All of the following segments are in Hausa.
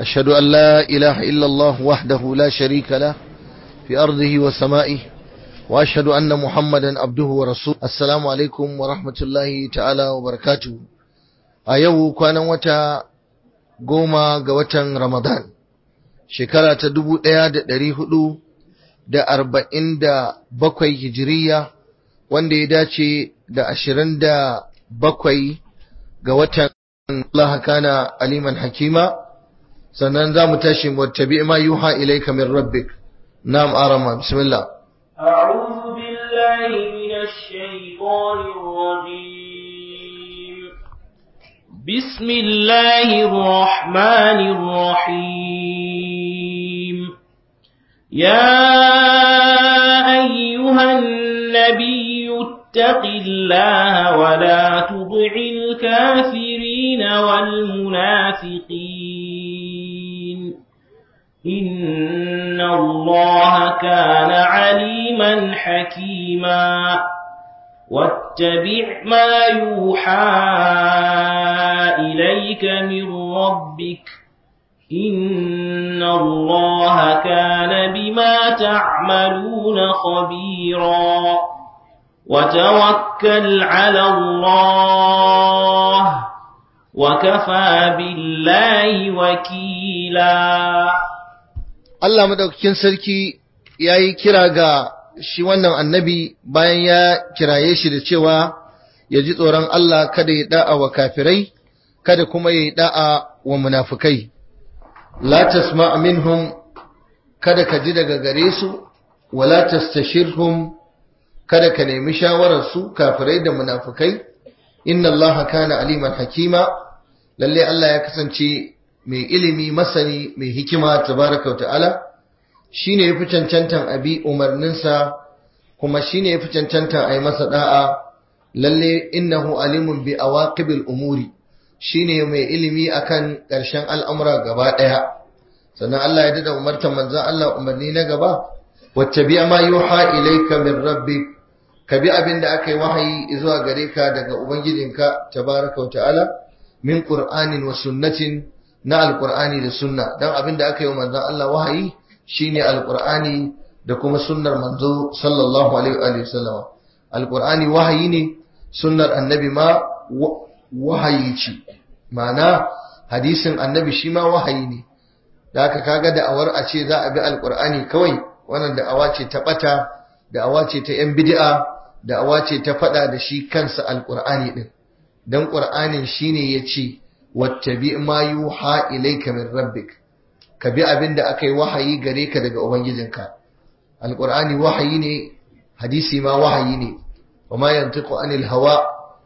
أشهد أن لا إله إلا الله وحده لا شريك له في أرضه وسمائه وأشهد أن محمدا عبده ورسوله السلام عليكم ورحمة الله تعالى وبركاته أيو كان وتا قوما قوتا رمضان شكرا تدبو إياد دريهدو da arba'in da bakwai hijiriya wanda ya dace da ashirin da bakwai ga watan Allah kana aliman hakima sannan za mu tashi wattabi ma yuha ilayka min rabbik na'am arama bismillah a'udhu billahi minash shaitanir rajim bismillahir rahmanir rahim ya ayyuhan nabiy اتق الله ولا تطع الكافرين والمنافقين إِنَّ اللَّهَ كَانَ عَلِيمًا حَكِيمًا وَاتَّبِعْ مَا يُوحَى إِلَيْكَ مِنْ رَبِّكَ إِنَّ اللَّهَ كَانَ بِمَا تَعْمَلُونَ خَبِيرًا وَتَوَكَّلْ عَلَى اللَّهِ وَكَفَى بِاللَّهِ وَكِيلًا Allah madaukakin sarki ya yi kira ga shi wannan annabi bayan ya kiraye shi da cewa ya ji tsoron Allah kada ya da'a wa kafirai kada kuma ya da'a wa munafukai la tasma' minhum kada ka ji daga gare su wala tastashirhum kada ka nemi shawararsu kafirai da munafukai inna Allah kana aliman hakima lalle Allah ya kasance mai ilimi masani mai hikima tabaraka ta'ala shine yafi cancantan abi umarninsa kuma shine yafi cancantan ayi masa da'a lalle innahu alimun bi a awaqibil umuri shine mai ilimi akan ƙarshen al'amura gaba ɗaya sannan Allah ya dada umartan manzon Allah umarni na gaba Wacce biya ma yuha ilayka min rabbi ka bi abin da aka yi wahayi zuwa gare ka daga ubangijinka tabaraka ta'ala min qur'anin wa sunnatin na alkur'ani da sunna don abin da aka yi wa manzan Allah wahayi shine alkur'ani da kuma sunnar manzo sallallahu alaihi wasallam alkur'ani wahayi ne sunnar annabi ma wahayi ce ma'ana hadisin annabi shi ma wahayi ne da aka kaga da'awar a ce za a bi alkur'ani kawai wannan da'awa ce ta bata da'awa ce ta yan bid'a da'awa ce ta fada da shi kansa alkur'ani din dan qur'anin shine yace wattabi ma yuha ilayka min rabbik ka bi abin da aka yi wahayi gare ka daga ubangijinka alqur'ani wahayi ne hadisi ma wahayi ne wa ma yantiqu anil hawa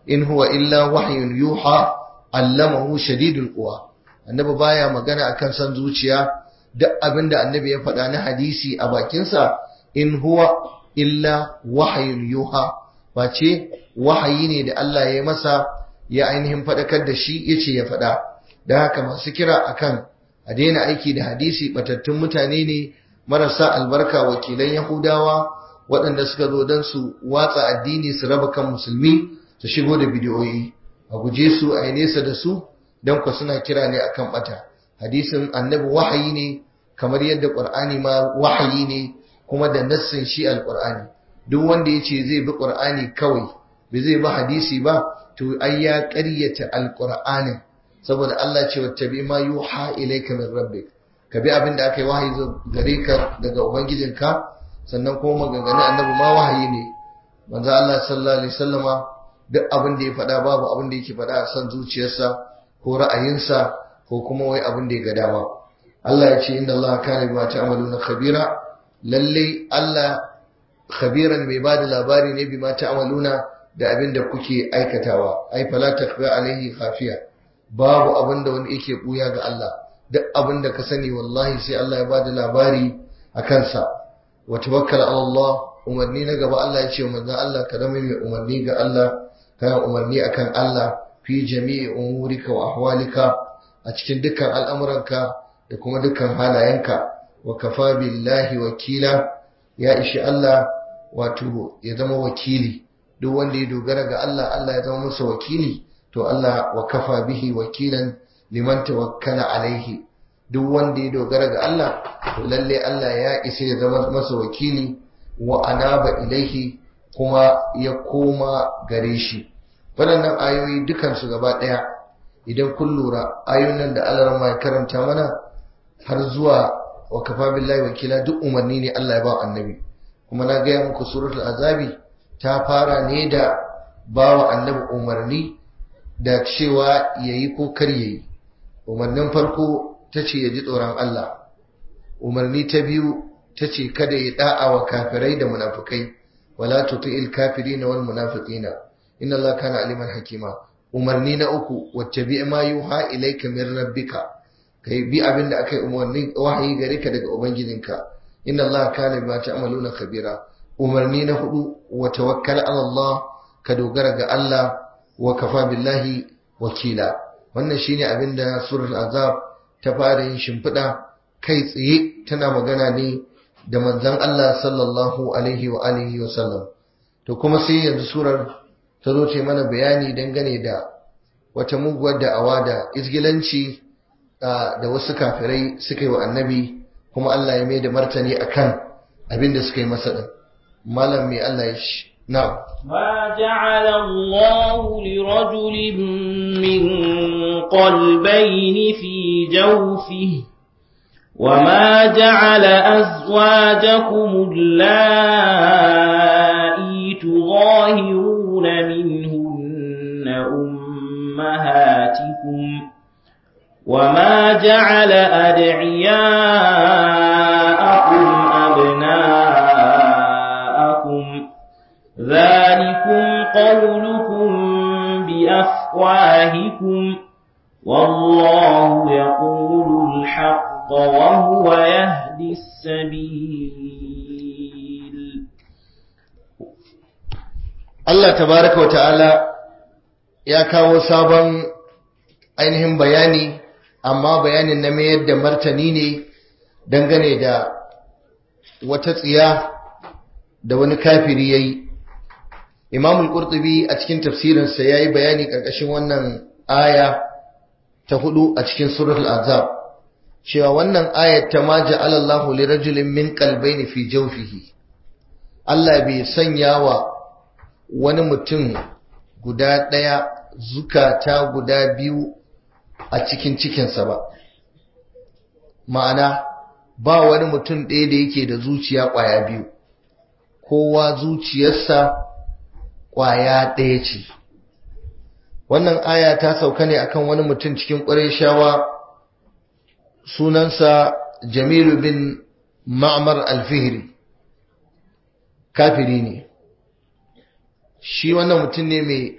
in huwa illa wahyun yuha allamahu shadidul quwa annabi baya magana akan san zuciya duk abin da annabi ya faɗa na hadisi a bakinsa in huwa illa wahayin yuha ba ce wahayi ne da Allah ya masa ya ainihin faɗakar da shi ya ce ya faɗa da haka masu kira akan a daina aiki da hadisi batattun mutane ne marasa albarka wakilan yahudawa waɗanda suka zo don su watsa addini su raba kan musulmi su shigo da bidiyoyi a guje su a nesa da su don ku suna kira ne akan bata hadisin annabi wahayi ne kamar yadda ƙur'ani ma wahayi ne kuma da nassin shi al alƙur'ani duk wanda ya ce zai bi ƙur'ani kawai ba zai bi hadisi ba to ai ya ƙaryata Alƙur'ani? saboda Allah ce wata bi ma yuha ilayka min rabbi ka bi abin da aka yi wahayi gare ka daga ubangijinka sannan kuma maganganu annabi ma wahayi ne manzo Allah sallallahu alaihi wasallama duk abin da ya faɗa babu abin da yake faɗa a san zuciyarsa ko ra'ayinsa ko kuma wai abin da ya ga dama Allah ya ce inna Allah kana bima ta'maluna khabira lalle Allah khabiran mai da labari ne bi bima ta'maluna da abin da kuke aikatawa ai fala takfa alaihi khafiya babu abin da wani yake buya ga Allah duk abin da ka sani wallahi sai Allah ya bada labari a kansa wa tawakkal ala Allah umarni na gaba Allah ya ce manzon Allah ka zama mai umarni ga Allah ka umarni akan Allah fi jami'i umurika wa ahwalika a cikin dukkan al'amuranka da kuma dukkan halayenka wa kafa billahi wakila ya ishi Allah wato ya zama wakili duk wanda ya dogara ga Allah Allah ya zama masa wakili to Allah wa kafa bihi wakilan liman tawakkala alaihi duk wanda ya dogara ga Allah to lalle Allah ya isa ya zama masa wakili wa anaba ilaihi kuma ya koma gare shi waɗannan ayoyi dukansu gaba ɗaya idan kun lura ayoyin da Allah ya karanta mana har zuwa wa kafa billahi wakila duk umarni ne Allah ya ba annabi kuma na gaya muku suratul azabi ta fara ne da bawa annabi umarni da cewa yayi ko kar yayi umarnin farko ta ce ya ji tsoron Allah umarni ta biyu ta ce kada ya da'a wa kafirai da munafikai wala tuti'il kafirina wal munafiqina inna Allah kana aliman hakima umarni na uku wattabi ma yuha ilayka min rabbika kai bi abinda akai umarni wahayi gare ka daga ubangijinka inna Allah kana bima ta'maluna khabira umarni na hudu wa tawakkal ala Allah ka dogara ga Allah wa kafa billahi wakila wannan shine abin da suratul azab ta fara yin shimfiɗa kai tsaye tana magana ne da manzon Allah sallallahu alaihi wa alihi wa sallam to kuma sai yanzu surar ta zo ce mana bayani dangane da wata muguwar da'awa da izgilanci da wasu kafirai suka yi wa annabi kuma Allah ya mai da martani akan abin da suka yi masa din ما لم يألش نعم ما جعل الله لرجل من قلبين في جوفه وما جعل أزواجكم اللائي تظاهرون منهن أمهاتكم وما جعل أدعياءكم قولكم بأفواهكم والله يقول الحق وهو يهدي السبيل الله تبارك وتعالى يا كاو سابن ainihin bayani amma bayanin na mayar da martani ne dangane da wata tsiya da wani kafiri ya yi Imam al-Qurtubi a cikin tafsirin sa yayi bayani karkashin wannan aya ta hudu a cikin suratul Azab cewa wannan ayat ta ma ja'ala Allahu li rajulin min qalbayn fi jawfihi Allah bai sanya wa wani mutum guda daya zukata guda biyu a cikin cikinsa ba ma'ana ba wani mutum ɗaya da yake da zuciya ƙwaya biyu kowa zuciyarsa ƙwaya ɗaya ce wannan aya ta sauka ne akan wani mutum cikin ƙwarishawa sunansa jamilu bin ma'amar alfihiri kafiri ne shi wannan mutum ne mai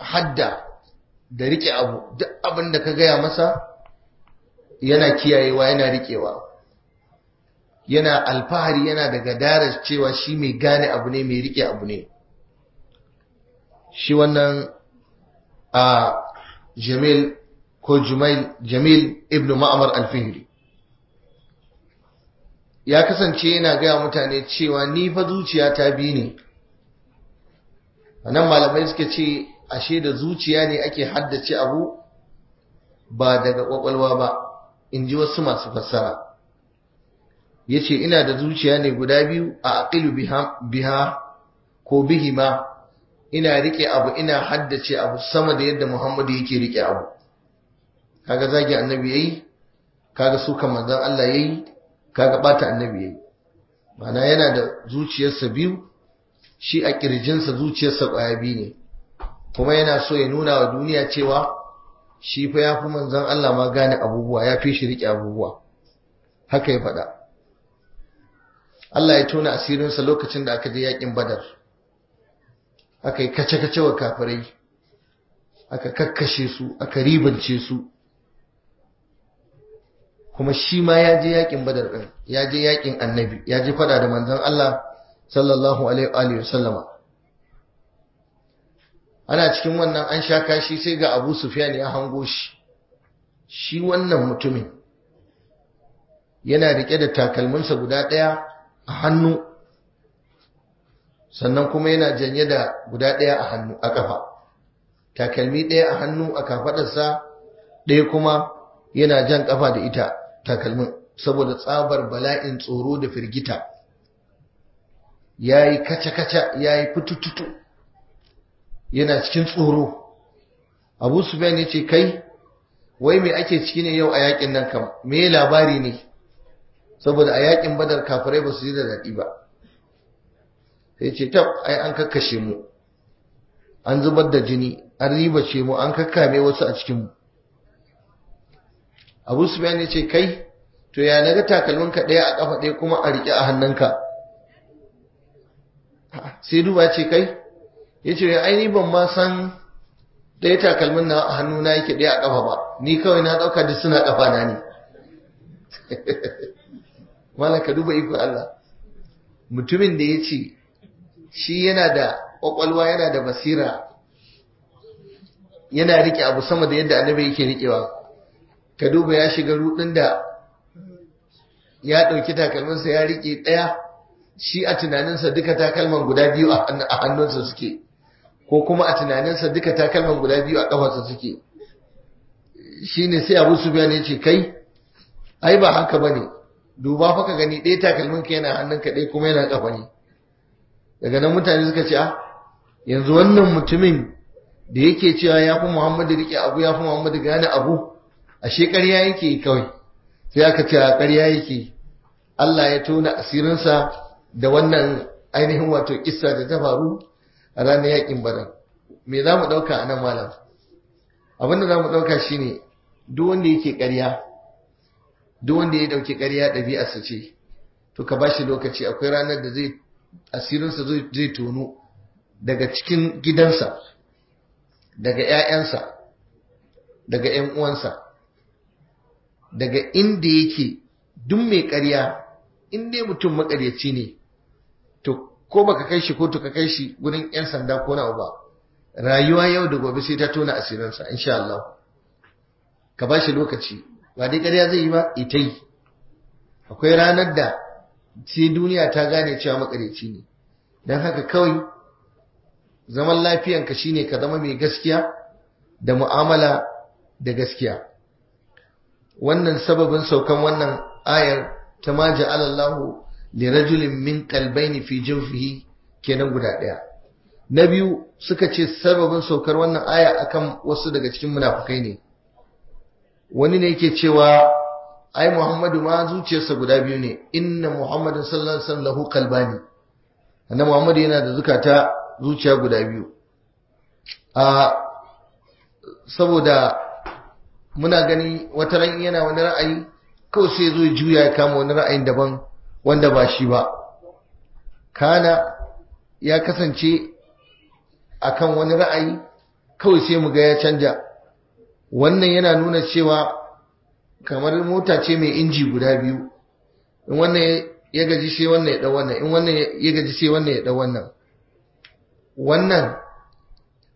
hadda da rike abu duk abin da ka gaya masa yana kiyayewa yana riƙewa yana alfahari yana daga daras cewa shi mai gane abu ne mai riƙe abu ne shi wannan a jamil ko jumail jamil ibn ma'amar alfihri ya kasance yana gaya mutane cewa ni fa zuciya ta bi ne nan malamai suka ce ashe da zuciya ne ake haddace abu ba daga kwakwalwa ba in ji wasu masu fassara ya ce ina da zuciya ne guda biyu a aqilu biha ko bihima ina rike abu ina haddace abu sama da yadda Muhammadu yake rike abu kaga zagi annabi yayi kaga suka manzon Allah yayi kaga bata annabi yayi mana yana da zuciyarsa biyu shi a kirjinsa zuciyarsa kwaya biyu ne kuma yana so ya nuna wa duniya cewa shi fa fi manzon Allah ma gane abubuwa ya fi shi rike abubuwa haka ya faɗa Allah ya tona asirinsa lokacin da aka je yakin Badar aka yi kace-kace wa kafirai aka kakkashe su aka ribance su kuma shi ma ya je yakin badar din ya je yakin annabi ya je fada da manzon Allah sallallahu alaihi wa sallama ana cikin wannan an sha kashi sai ga Abu Sufyan ya hango shi shi wannan mutumin yana rike da takalminsa guda ɗaya a hannu sannan kuma yana janye da guda ɗaya a hannu a ƙafa takalmi ɗaya a hannu a kafaɗarsa ɗaya kuma yana jan ƙafa da ita takalmin saboda tsabar bala'in tsoro da firgita ya yi kaca-kaca ya yi fitututu yana cikin tsoro abu sufiyan ya ce kai wai mai ake ciki ne yau a yakin nan kam me labari ne saboda a yakin badar kafirai ba su yi da daɗi ba sai ce tab ai an kakkashe mu an zubar da jini an ribace mu an kakkame wasu a cikin mu Abu Sufyan ya ce kai to ya naga takalmin ka ɗaya a ƙafa ɗaya kuma a riƙe a hannunka sai duba ce kai ya ce ai aini ban ma san ɗaya takalmin na a hannu na yake ɗaya a ƙafa ba ni kawai na ɗauka da suna ƙafa na ne malaka duba iko Allah mutumin da ya ce shi yana da kwakwalwa yana da basira yana rike abu sama da yadda annabi yake rikewa ka duba ya shiga rudin da ya ɗauki takalminsa ya rike ɗaya shi a tunaninsa duka takalman guda biyu a hannunsa suke ko kuma a tunaninsa duka takalman guda biyu a ƙafarsa suke shi ne sai abu su biya ne ce kai ai ba haka ba ne duba fa ka gani ɗaya takalminka yana hannunka ɗaya kuma yana ƙafa ne daga nan mutane suka ce a ah, yanzu wannan mutumin da yake cewa ya fi muhammadu rike abu ya fi muhammadu gane abu ashe ƙarya yake kawai sai aka ce a karya yake Allah ya tona asirinsa da wannan ainihin wato kissa da ta faru a ranar yakin badar me za mu ɗauka a nan malam abinda za mu ɗauka shine duk wanda yake karya duk wanda ya ɗauki ɗabi'a ɗabi'arsa ce to ka ba shi lokaci akwai ranar da zai asirinsa zai tono daga cikin gidansa daga 'ya'yansa daga 'yan uwansa daga inda yake duk mai ƙarya indai mutum makaryaci ne to ko baka kai shi ko to ka kai shi gurin 'yan sanda ko na ba rayuwa yau da gobe sai ta tona asirinsa insha Allah ka ba shi lokaci ba dai ƙarya zai yi ba ita yi akwai ranar da sai duniya ta gane cewa makareci ne don haka kawai zaman lafiyanka shine ka zama mai gaskiya da mu'amala da gaskiya wannan sababin saukan wannan ayar ta ma Allahu da rajulin min qalbayni fi ke kenan guda ɗaya, na biyu suka ce sababin saukar wannan aya akan wasu daga cikin munafukai ne wani ne yake cewa ai Muhammadu ma zuciyarsa guda biyu ne inna Muhammadu sallallahu alaihi wasallam lahu qalbani annabi Muhammadu yana da zukata zuciya guda biyu a saboda muna gani wata ran yana wani ra'ayi kawai sai zo juya ya kama wani ra'ayin daban wanda ba shi ba kana ya kasance akan wani ra'ayi kawai sai mu ga ya canja wannan yana nuna cewa kamar mota ce mai inji guda biyu in wannan ya gaji sai wannan ya ɗau wannan in wannan ya gaji sai wannan ya ɗau wannan wannan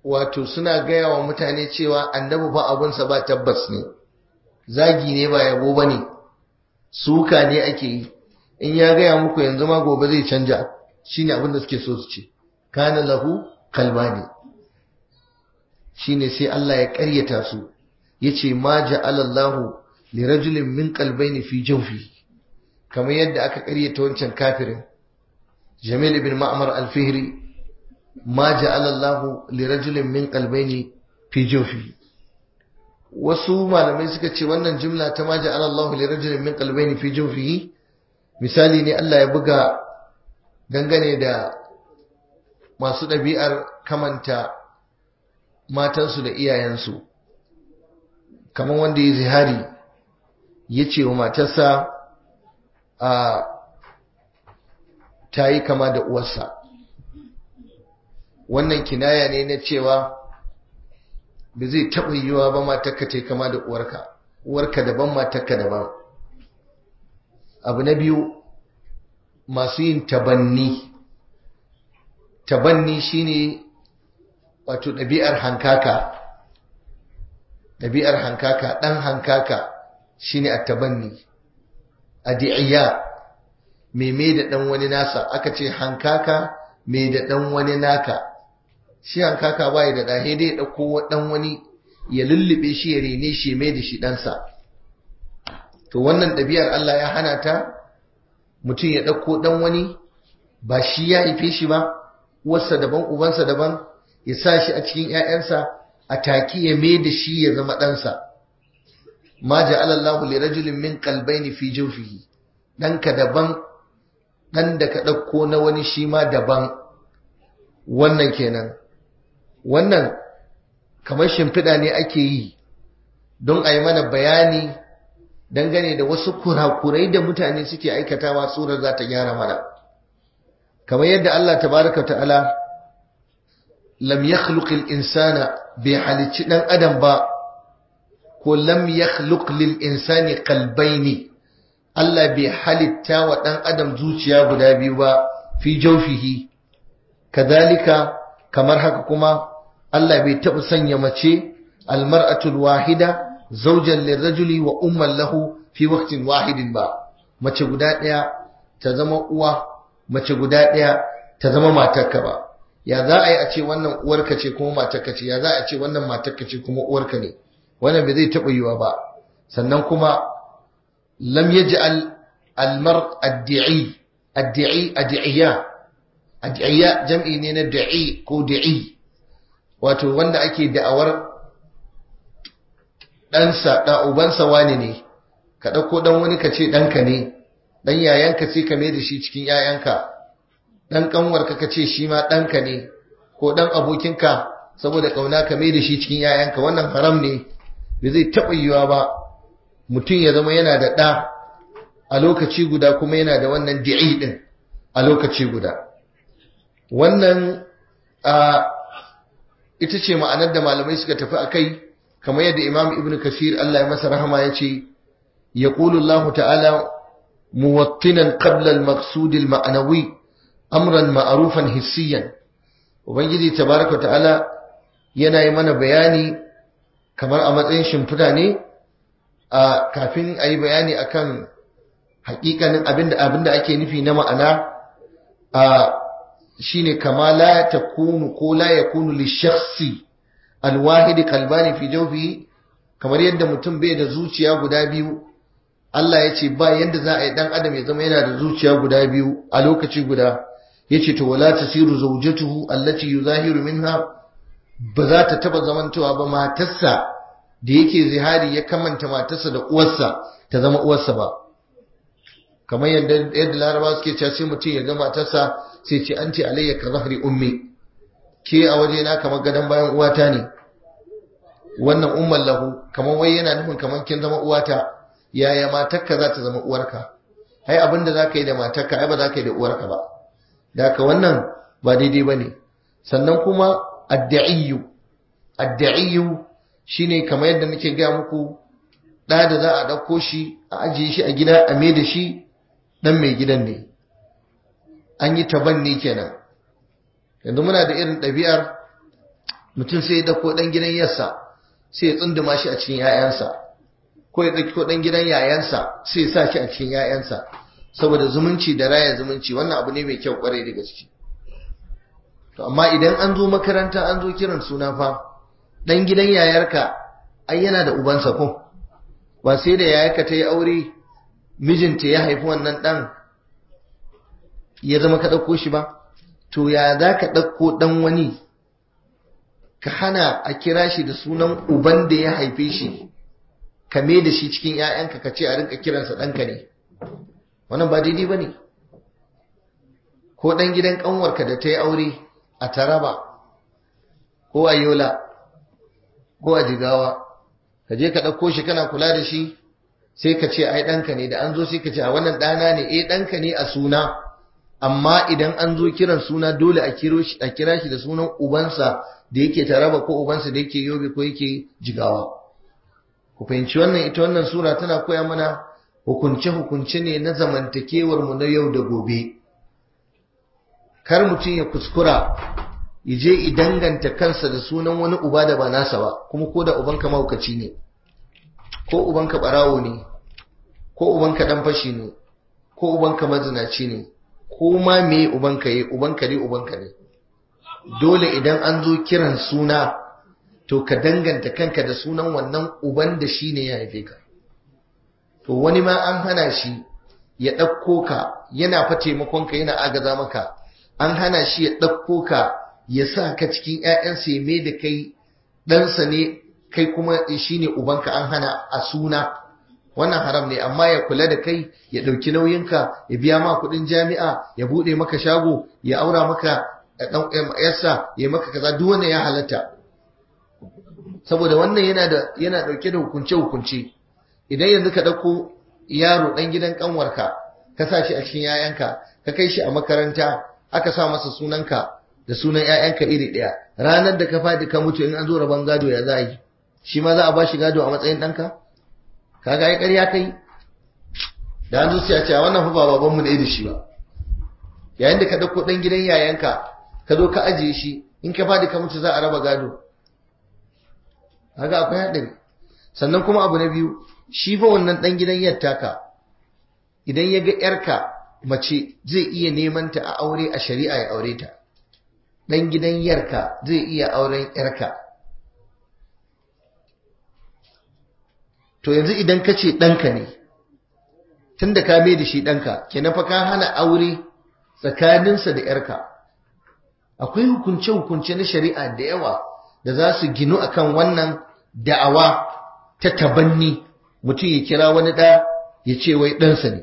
wato suna gaya wa mutane cewa annabi ba abunsa ba tabbas ne zagi ne ba yabo ba ne suka ne ake yi in ya gaya muku yanzu ma gobe zai canja shine abin da suke so su ce kana lahu kalmani shine sai Allah ya ƙaryata su yace ma ja'alallahu Lirajulin min kalbai ne fi jaufi kamar yadda aka karyata wancan kafirin jamil ibn ma'amar al ma ja'ala alallahu lirajulin min kalbai ne fi jaufi wasu malamai suka ce wannan jumla ta ma ja'ala alallahu lirajulin min kalbai ne fi jaufi misali ne Allah ya buga dangane da masu ɗabi'ar kamanta matansu da iyayensu kamar wanda ya zihari ya ce wa matarsa a ta yi kama da uwarsa wannan kinaya ne na cewa ba zai taɓa wa ba matakka ta yi kama da uwarka uwarka daban matakka daban abu na biyu masu yin tabanni tabanni ne wato ɗabi'ar hankaka ɗabi'ar hankaka ɗan hankaka shine a tabanni adi'iya me me da ɗan wani nasa aka ce hankaka me da ɗan wani naka shi hankaka bai da dahe dai ya ɗauko ɗan wani ya lullube shi ya rene shi mai da shi ɗansa to wannan ɗabi'ar Allah ya hana ta mutum ya ɗauko ɗan wani ba shi ya haife shi ba uwarsa daban ubansa daban ya sa shi a cikin ‘ya'yansa a taki ya mai da shi ya zama ɗansa ma ja'ala Allahu li rajulin min qalbayni fi jawfihi daban dan da ka dauko na wani shi ma daban wannan kenan wannan kamar shimfiɗa ne ake yi don a yi mana bayani dangane da wasu kurakurai da mutane suke aikatawa surar za ta gyara mana kamar yadda Allah tabaraka ta'ala lam yakhluqil insana bai halicci dan adam ba ko lam yakhluq lil insani qalbayni Allah bai halitta wa dan adam zuciya guda biyu ba fi jawfihi kadalika kamar haka kuma Allah bai taɓa sanya mace almar'atul wahida zaujan lirrajuli wa umman lahu fi waqtin wahidin ba mace guda ɗaya ta zama uwa mace guda ɗaya ta zama matarka ba ya za a yi a ce wannan uwarka ce kuma matarka ce ya za a ce wannan matarka ce kuma uwarka ne wannan bai zai taɓa yiwa ba sannan kuma lam yaj'al almar addi'i addi'i addi'iya addi'iya jam'i ne na da'i ko da'i wato wanda ake da'awar ɗansa da wani ne ka ɗauko ɗan wani ka ce ɗanka ne ɗan yayanka sai ka mai da shi cikin yayanka ɗan ƙanwarka ka ce shi ma ɗanka ne ko ɗan abokinka saboda ƙauna ka mai da shi cikin yayanka wannan haram ne bai zai taɓa yiwa ba mutum ya zama yana da ɗa a lokaci guda kuma yana da wannan di'i ɗin a lokaci guda wannan a ita ce ma'anar da malamai suka tafi a kai kamar yadda imam ibn kasir Allah ya masa rahama ya ce ya Allah ta'ala muwattinan qabla al-maqsud al-ma'nawi amran ma'rufan hissiyan ubangiji tabaraka ta'ala yana yi mana bayani kamar a matsayin shimfida ne a kafin a yi bayani a kan hakikanin abinda abinda ake nufi na ma'ana a ne kama la kunu ko la yakunu li shakhsi alwahidi kalbani fi jawfi kamar yadda mutum bai da zuciya guda biyu Allah ya ce ba yadda za a yi dan adam ya zama yana da zuciya guda biyu a lokaci guda ya ce to wala tasiru zawjatuhu allati yuzahiru minha ba za ta taba zamantowa ba matarsa da yake zihari ya kamanta matarsa da uwarsa ta zama uwarsa ba kamar yadda yadda laraba suke cewa sai mutum ya ga matarsa sai ce an ce alayya ka zahri ummi ke a waje na kamar gadon bayan uwata ne wannan umman lahu kamar wai yana nufin kamar kin zama uwata yaya matarka za ta zama uwarka ai abin da za ka yi da matarka ai ba za ka yi da uwarka ba da ka wannan ba daidai ba ne sannan kuma adda'iyu adda'iyu shine kamar yadda nake ga muku da da za a dauko shi a ajiye shi a gida a mai da shi dan mai gidan ne an yi tabanni kenan yanzu muna da irin ɗabi'ar mutum sai ya dauko dan gidan yarsa sai ya tsunduma shi a cikin 'ya'yansa ko ya dauko dan gidan yayansa sai ya sa shi a cikin 'ya'yansa saboda zumunci da raya zumunci wannan abu ne mai kyau kwarai da gaske to amma idan an zo makaranta an zo kiran suna fa dan gidan yayarka ai yana da ubansa ko ba sai da yayarka ta yi aure mijinta ya haifi wannan dan ya zama ka ɗauko shi ba to ya za ka ɗauko ɗan wani ka hana a kira shi da sunan uban da ya haife shi ka me da shi cikin 'ya'yanka ka ce a rinka kiransa ɗanka ne wannan ba daidai ba ne ko ɗan gidan ƙanwarka da ta yi aure a taraba ko a yola ko a jigawa ka je ka ɗauko shi kana kula da shi sai ka ce ai ɗanka ne da an zo sai ka ce a wannan ɗana ne eh ɗanka ne a suna amma idan an zo kiran suna dole a kira shi da sunan ubansa da yake taraba ko ubansa da yake yobe ko yake jigawa ku fahimci wannan ita wannan sura tana koya mana hukunce-hukunce ne na zamantakewar mu na yau da gobe kar mutum ya kuskura ya je i danganta kansa da sunan wani uba da ba nasa ba kuma ko da ubanka mahaukaci ne ko ubanka barawo ne ko ubanka dan fashi ne ko ubanka mazinaci ne ko ma me ubanka yi ubanka ne ubanka ne dole idan an zo kiran suna to ka danganta kanka da sunan wannan uban da shi ne ya haife ka to wani ma an hana shi ya ɗauko ka yana fa taimakonka yana agaza maka an hana shi ya ɗauko ka ya sa ka cikin ‘ya'yansa ya mai da kai ɗansa ne kai kuma shi ne ubanka an hana a suna wannan haram ne amma ya kula da kai ya ɗauki nauyinka ya biya ma kuɗin jami'a ya buɗe maka shago ya aura maka ɗan ‘yarsa ya maka kaza duk wannan ya halatta saboda wannan yana ɗauke da hukunce-hukunce idan yanzu ka ɗauko yaro ɗan gidan ƙanwarka ka sa shi a cikin yayanka ka kai shi a makaranta aka sa masa sunanka da sunan ƴaƴanka iri ɗaya ranar da ka faɗi ka mutu in an zo rabon gado ya za a yi shi ma za a ba shi gado a matsayin ɗanka ga ya ƙarya kai da an zo ce a wannan fafa ba babanmu ne da shi ba yayin da ka ɗauko ɗan gidan yayanka ka zo ka ajiye shi in ka faɗi ka mutu za a raba gado kaga akwai haɗari sannan kuma abu na biyu shi fa wannan ɗan gidan yattaka idan ya ga ƴarka mace zai iya neman ta a aure a shari'a ya aure ta dan gidan yarka zai iya auren yarka to yanzu idan ka ce ɗanka ne tunda ka mai da shi ɗanka kenan fa ka hana aure tsakaninsa da yarka akwai hukunce-hukunce na shari'a da yawa da za su ginu akan wannan da'awa ta tabanni mutum ya kira wani ɗa ya ce wai ɗansa ne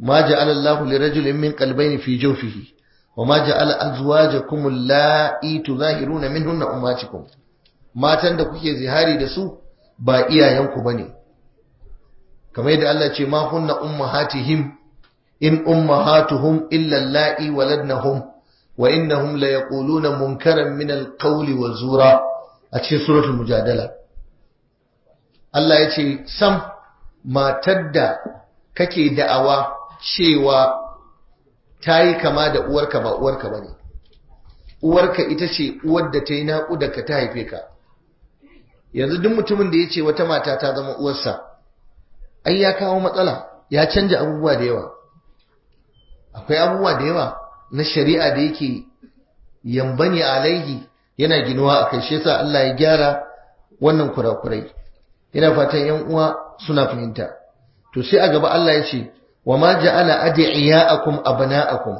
ma ja'ala Allahu lirajulin min qalbayni fi jawfihi wa ma ja'ala azwajakum allati tuzahiruna minhunna matan da kuke zihari da su ba iyayenku bane kamar yadda Allah ce ma kunna ummahatihim in ummahatuhum illa allati waladnahum wa innahum la yaquluna munkaran min alqawli wa zura a cikin suratul mujadala Allah ya ce sam matar da kake da'awa cewa ta yi kama da uwarka ba uwarka ba ne uwarka ita ce uwar da ta yi naƙuda ka ta haife ka yanzu duk mutumin da ya ce wata mata ta zama uwarsa ai ya kawo matsala ya canja abubuwa da yawa akwai abubuwa da yawa na shari'a da yake yambani alaihi yana ginuwa a kai shi yasa Allah ya gyara wannan kurakurai yana fatan yan uwa suna fahimta to sai a gaba Allah ya ce wa ma ja'ala adiyakum abna'akum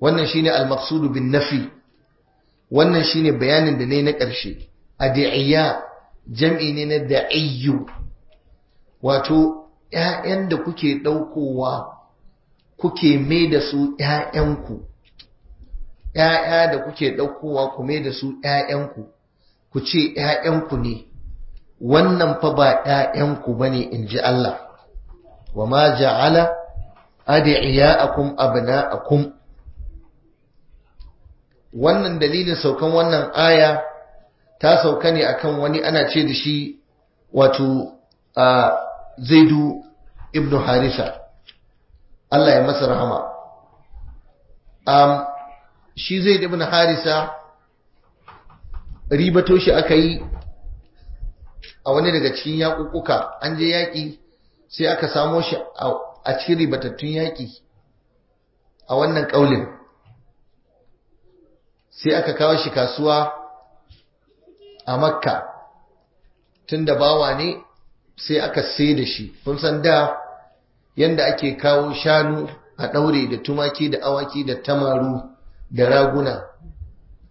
wannan shine al-maqsud bin nafi wannan shine bayanin da ne na ƙarshe adiya jam'i ne na da'iyyu wato yayan da kuke daukowa kuke mai da su ‘ya'yanku, ‘ya'ya da kuke ɗaukowa ku mai da su ‘ya'yanku, ku ce ‘ya'yanku ne, wannan fa ba ‘ya'yanku ba ne in ji Allah, wa ma ja'ala adiyaakum wannan dalilin saukan wannan aya ta sauka ne akan wani ana ce da shi wato zaidu ibn harisa Allah ya masa rahama um, shi zaidu ibn harisa ribato shi aka yi a wani daga cikin yaƙuƙuka an je yaƙi sai aka samo shi a cikin ribatattun yaƙi a wannan ƙaulin sai aka kawo shi kasuwa a makka tun da bawa ne sai aka sai da shi kun san da yadda ake kawo shanu a ɗaure da tumaki da awaki da tamaru da raguna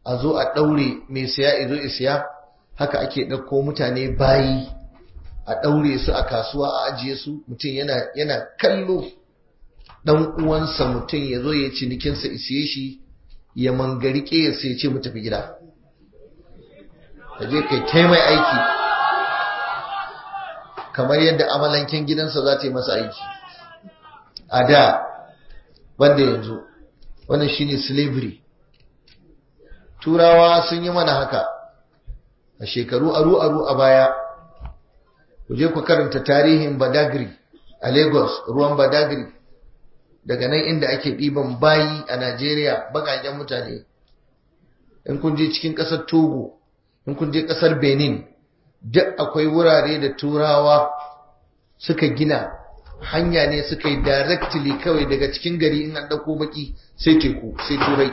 a zo a ɗaure mai siya izo isiya haka ake ɗauko mutane bayi a ɗaure su a kasuwa a ajiye su mutum yana kallo ɗan uwansa mutum ya zo ya cinikinsa isiye shi ya mangari ya sai ce mu tafi gida ka je kai taimai mai aiki kamar yadda amalankin gidansa za ta yi masa aiki a da banda yanzu wannan shine slavery turawa sun yi mana haka a shekaru aru aru a baya ku je ku karanta tarihin Badagri a Lagos ruwan Badagri daga nan inda ake ɗiban bayi a Najeriya bagajen mutane in kun je cikin ƙasar Togo in kun je ƙasar Benin duk akwai wurare da turawa suka gina hanya ne suka yi directly kawai daga cikin gari in an ɗauko baki sai teku sai turai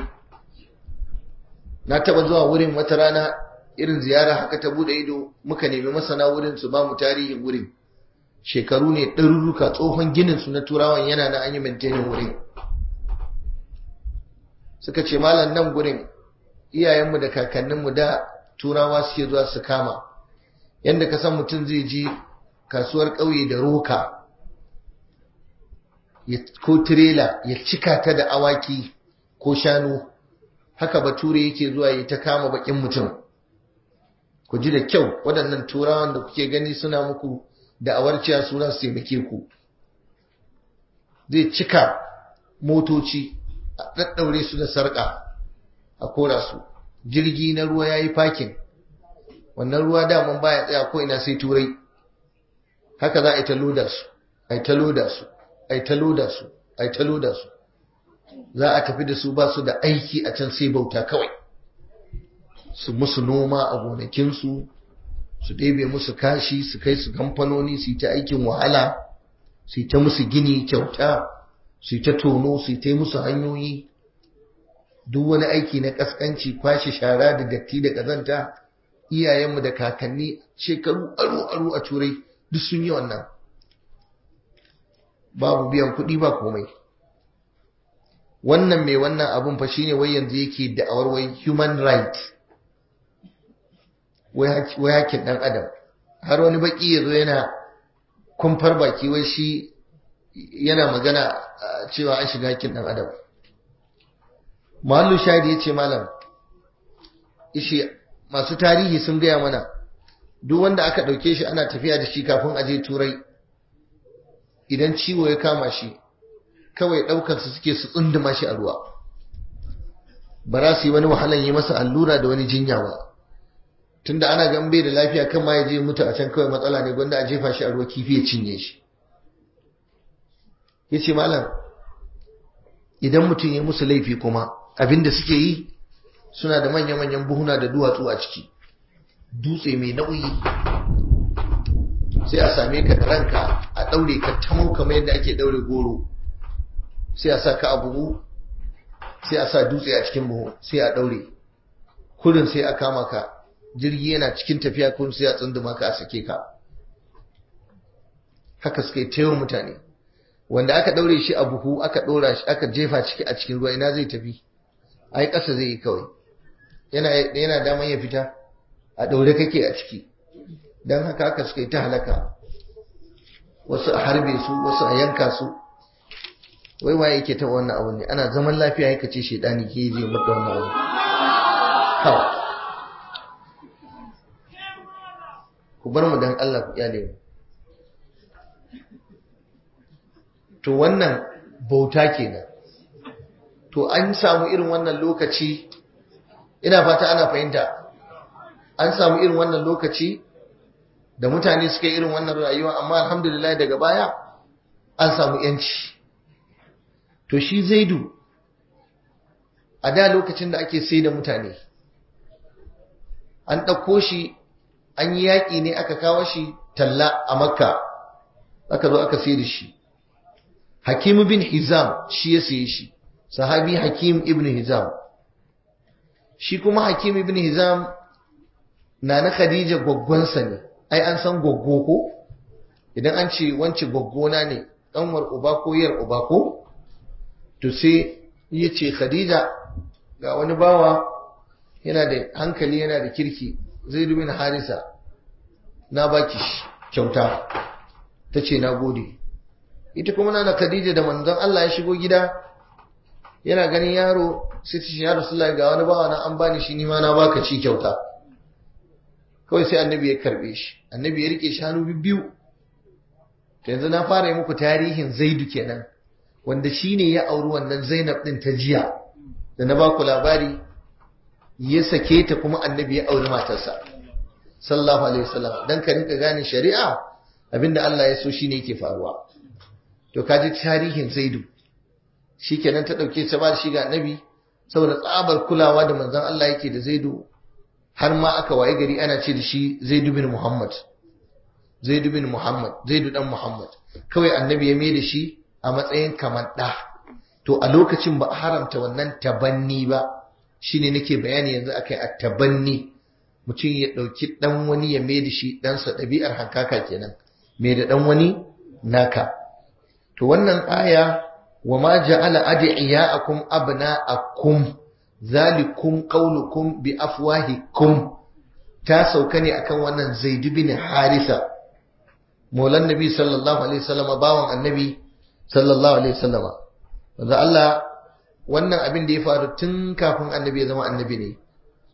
na taɓa zuwa wurin wata rana irin ziyara haka ta bude ido muka nemi masana wurin su ba mu tarihin wurin shekaru ne ɗaruruka tsohon ginin su na turawan yana na anyi yi maintainin wurin suka ce malam nan gurin iyayenmu da kakanninmu da turawa suke zuwa su kama yadda ka san mutum zai ji kasuwar ƙauye da roka ko tirela ya cika ta da awaki ko shanu haka bature yake zuwa ya ta kama bakin mutum ku ji da kyau waɗannan turawan da kuke gani suna muku da awarciya su za su taimake ku zai cika motoci a ɗaɗɗaure su da sarƙa a kora su jirgi na ruwa ya yi fakin wannan ruwa daman baya tsaya ko ina sai turai haka za a yi loda su a loda su a loda su a loda su za a tafi da su ba su da aiki a can sai bauta kawai su musu noma a gonakinsu su ɗebe musu kashi su kai su kamfanoni su yi ta aikin wahala su yi ta musu gini kyauta su yi ta tono su yi ta musu hanyoyi duk wani aiki na ƙasƙanci kwashe shara da datti da ƙazanta iyayenmu da kakanni shekaru aro aro a turai duk sun yi wannan babu biyan kuɗi ba komai wannan mai wannan abun fa ne wai yanzu yake da'awar wai human right wai hakkin ɗan adam har wani baki ya zo yana kumfar baki wai shi yana magana cewa an shiga hakkin ɗan adam mahallu shahid ya ce malam ishe masu tarihi sun gaya mana duk wanda aka ɗauke shi ana tafiya da shi kafin aje turai idan ciwo ya kama shi kawai ɗaukarsu suke su tsunduma shi a ruwa ba su yi wani wahalan yi masa allura da wani jinya ba tunda ana gan bai da lafiya kan ma ya je mutu a can kawai matsala ne gwanda a jefa shi a ruwa kifi ya cinye shi ya ce malam idan mutum ya musu laifi kuma abinda suke yi suna da manya-manyan buhuna da duwatsu a ciki dutse mai nauyi sai a same ka ranka a daure ka tamau kamar yadda ake daure goro sai a sa ka a buhu sai a sa dutse a cikin buhu sai a daure kudin sai a kama ka jirgi yana cikin tafiya kun sai a tsunduma ka a sake ka haka suka yi taiwa mutane wanda aka daure shi a buhu aka dora shi aka jefa ciki a cikin ruwa ina zai tafi ai ƙasa zai yi kawai yana yana daman ya fita a daure kake a ciki dan haka aka suka yi ta halaka wasu a harbe su wasu a yanka su wai waye yake ta wannan abu ne ana zaman lafiya ya yake ce shedani ke zai maka wannan abu ku bar mu dan Allah ku kyale mu to wannan bauta kenan to an samu irin wannan lokaci ina fata ana fahimta an samu irin wannan lokaci da mutane suka yi irin wannan rayuwa amma alhamdulillah daga baya an samu yanci to shi zaidu a da lokacin da ake sai da mutane an ɗauko shi an yi yaƙi ne aka kawo shi talla a makka aka zo aka sayar da shi hakim bin hizam shi ya saye shi sahabi hakim ibn hizam shi kuma hakim ibn hizam na na khadija gwaggonsa ne ai an san gwaggo ko idan an ce wance gwaggona ne ɗanwar uba ko yar uba ko to sai ya ce khadija ga wani bawa yana da hankali yana da kirki zai bin harisa na baki kyauta ta ce na gode ita kuma na khadija da manzon Allah ya shigo gida yana ganin yaro sai ta ce ya rasulullahi ga wani bawa na an bani shi nima na baka ci kyauta kawai sai annabi ya karbe shi annabi ya rike shanu biyu yanzu na fara yi muku tarihin zaidu kenan wanda shi ne ya auri wannan zainab din ta jiya da na baku labari ya sake ta kuma annabi ya auri matarsa sallallahu alaihi wasallam dan ka rinka gane shari'a abinda Allah ya so shine yake faruwa to kaji tarihin Zaidu shikenan ta dauke ta ba shi ga annabi saboda tsabar kulawa da manzon Allah yake da Zaidu har ma aka waye gari ana ce da shi Zaidu bin Muhammad Zaidu bin Muhammad Zaidu dan Muhammad kawai annabi ya mai da shi a matsayin kamar da to a lokacin ba haramta wannan tabanni ba shine nake bayani yanzu akai a tabanni mutum ya ɗauki ɗan wani ya mai da shi ɗansa ɗabi'ar hankaka kenan mai da ɗan wani naka to wannan aya wa ma ja'ala a abna'akum zalikum qaulukum bi afwahikum ta sauka ne akan wannan Zaid bin Harisa maulan nabi sallallahu alaihi wasallama bawan annabi sallallahu alaihi wasallama wanda Allah wannan abin da ya faru tun kafin annabi ya zama annabi ne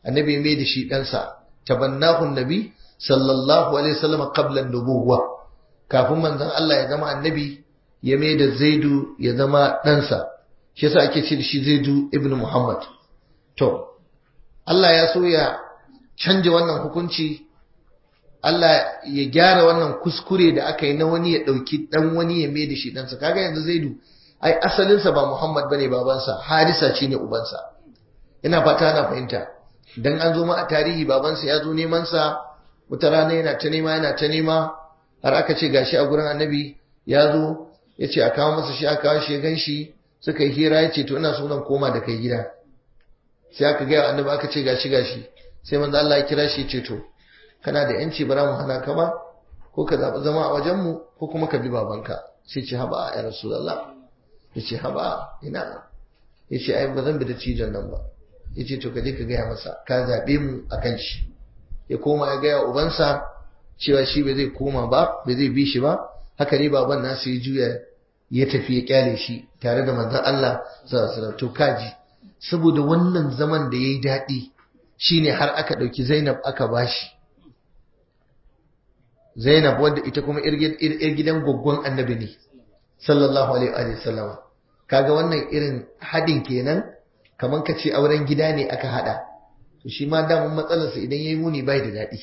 annabi mai da shi ɗansa tabannahu nabi sallallahu alaihi wasallam qabla nubuwwa kafin manzon Allah ya zama annabi ya mai da zaidu ya zama ɗansa shi yasa ake ce da shi zaidu ibnu muhammad to Allah ya so ya canja wannan hukunci Allah ya gyara wannan kuskure da aka yi na wani ya ɗauki ɗan wani ya mai da shi ɗansa kaga yanzu zaidu ai asalinsa ba Muhammad bane babansa Harisa ne ubansa ina fata ana fahimta dan an zo ma a tarihi babansa ya zo neman sa wata rana yana ta nema yana ta nema har aka ce gashi a gurin Annabi ya zo ya ce a kawo masa shi a kawo shi ya gan shi suka yi hira ya ce to ina so koma da kai gida sai aka gaya Annabi aka ce gashi gashi sai manzo Allah ya kira shi ya ce to kana da yanci bara mu hana ka ba ko ka zaba zama a wajen mu ko kuma ka bi babanka sai ce haba a ya rasulullah Yace haba ina ya ce ai ba zan bi da cijon nan ba Yace to ka je ka gaya masa ka zaɓe mu akan shi ya koma ya gaya ubansa cewa shi ba zai koma ba ba zai bi shi ba haka ne baban nasu ya juya ya tafi ya kyale shi tare da manzon Allah sallallahu alaihi to kaji saboda wannan zaman da yayi daɗi shine har aka ɗauki Zainab aka bashi Zainab wadda ita kuma 'yar gidan goggon annabi ne sallallahu alaihi wa sallama kaga wannan irin hadin kenan kamar ka ce auren gida ne aka hada to shi ma damun matsalarsa idan yayi muni bai da daɗi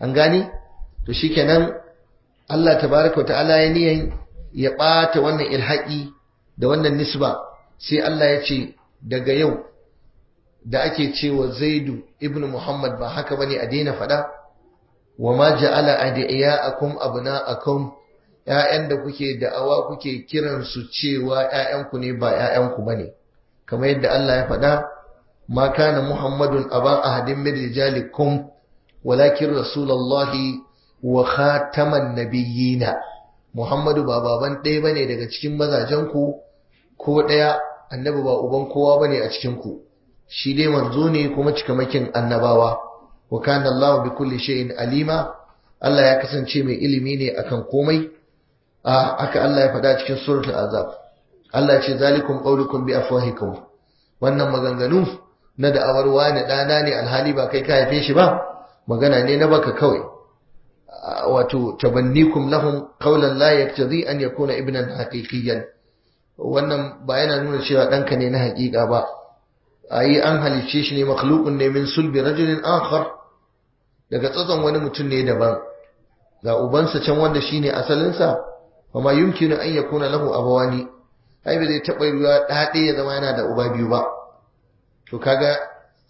an gane to shikenan Allah tabaraka ta'ala ya niyan ya bata wannan ilhaqi da wannan nisba sai Allah ya ce daga yau da ake cewa Zaidu ibn Muhammad ba haka bane a daina fada wa ma ja'ala adiyakum abna'akum ‘ya'yan da kuke da'awa kuke kiransu cewa ‘ya'yanku ne ba ‘ya'yanku ba ne, kamar yadda Allah ya faɗa, ma kana Muhammadun a ahadin mirjali rijalikum walakin Rasulallahi wa khataman nabiyyina. Muhammadu ba baban ɗaya ba ne daga cikin mazajenku ko ɗaya annabi ba uban kowa ba ne a cikinku, shi dai manzo ne kuma cikamakin annabawa, wa kana Allah bi kulli shay'in alima, Allah ya kasance mai ilimi ne akan komai. A'a ah, haka Allah ya faɗa cikin suratul azab Allah ce zalikum qaulukum bi afwahikum wannan maganganu na da'awar wani dana ne alhali ba kai ka haife shi ba magana ne na baka kawai ah, wato tabannikum lahum qawlan la yaktazi an yakuna ibnan haqiqiyan wannan ba yana nuna cewa danka ne na haƙiƙa ba ayi an halicce shi ne makhluqun ne min sulbi rajulin akhar daga tsatson wani mutum ne daban ga ubansa can wanda shine asalinsa wa ma yumkinu an yakuna lahu abawani ai ba zai taɓa yiwuwa ɗa ɗaya ya zama yana da uba biyu ba to kaga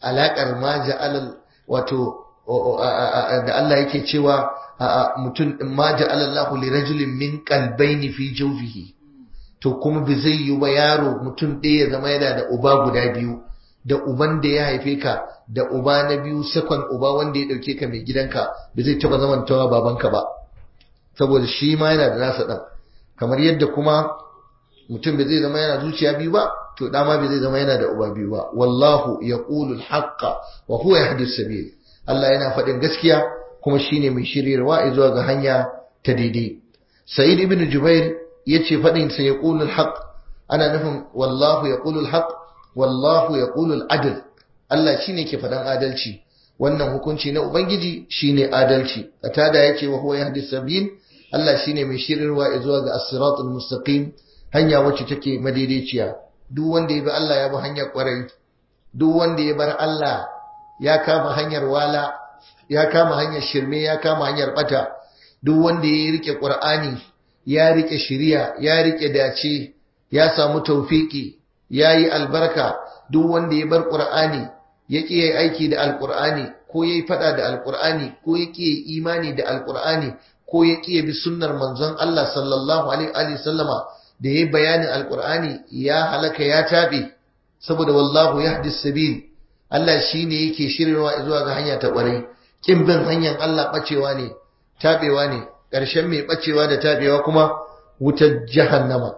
alaƙar ma wato da Allah yake cewa mutum ma ja'alallahu li rajulin min qalbayni fi jawfihi to kuma ba zai yi wa yaro mutum ɗaya ya zama yana da uba guda biyu da uban da ya haife ka da uba na biyu sakon uba wanda ya ɗauke ka mai gidanka ba zai taɓa zamantawa babanka ba saboda shi ma yana da nasa ɗan kamar yadda kuma mutum bai zai zama yana zuciya biyu ba to dama bai zai zama yana da uba biyu ba wallahu yaqulu alhaqa wa huwa yahdi sabil Allah yana faɗin gaskiya kuma shine mai shiryarwa zuwa ga hanya ta daidai Sa'id ibn Jubair yace faɗin sa yaqulu alhaq ana nufin wallahu yaqulu alhaq wallahu yaqulu aladl adl Allah shine ke faɗan adalci wannan hukunci na ubangiji shine adalci katada yace wa huwa yahdi sabil Allah shi ne mai shirirwa zuwa ga asiratun siratul hanya wacce take madaidaiciya duk wanda ya bi Allah ya bi hanyar kwarai duk wanda ya bar Allah ya kama hanyar wala ya kama hanyar shirme ya kama hanyar bata duk wanda ya rike Qur'ani ya rike shiriya ya rike dace ya samu tawfiki yi albarka duk wanda ya bar Qur'ani ya ƙi aiki da alƙur'ani ko ya yi faɗa da alƙur'ani ko ya ƙi imani da alƙur'ani ko ya ƙi bi sunnar manzon Allah sallallahu alaihi sallama da ya yi bayanin alkur'ani ya halaka ya tabe saboda wallahu yahdi sabil Allah shine yake shiryawa zuwa ga hanya ta ƙwarai kin bin hanyar Allah bacewa ne tabewa ne ƙarshen mai ɓacewa da tabewa kuma wutar jahannama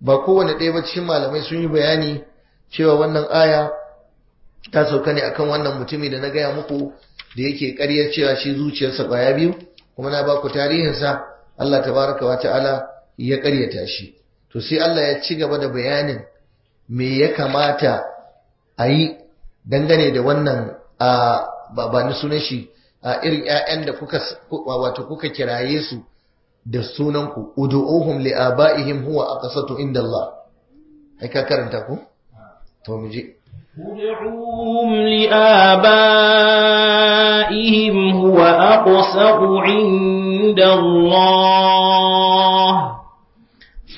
ba kowane ɗaya ba cikin malamai sun yi bayani cewa wannan aya ta sauka ne akan wannan mutumi da na gaya muku da yake ƙaryar cewa shi zuciyarsa ƙwaya biyu kuma na baku tarihinsa Allah tabaraka wa ta'ala ya karyata shi to sai Allah ya ci gaba da bayanin me ya kamata a yi dangane da wannan a ba sunan shi a irin ƴaƴan da kuka wato kuka kiraye su da sunan ku ud'uhum li abaihim huwa aqsatu inda Allah ai ka karanta ku to mu je ادعوهم لآبائهم هو أقسط عند الله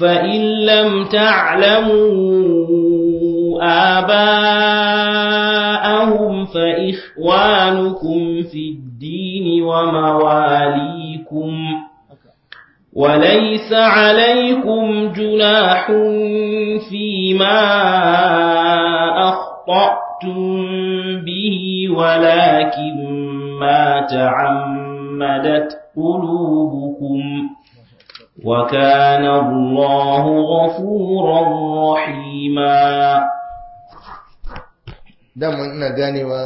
فإن لم تعلموا آباءهم فإخوانكم في الدين ومواليكم وليس عليكم جناح فيما تَبَطَّأْتُمْ بِهِ وَلَكِنْ مَا تَعَمَّدَتْ قُلُوبُكُمْ وَكَانَ اللَّهُ غَفُورًا رَحِيمًا daman ina ganewa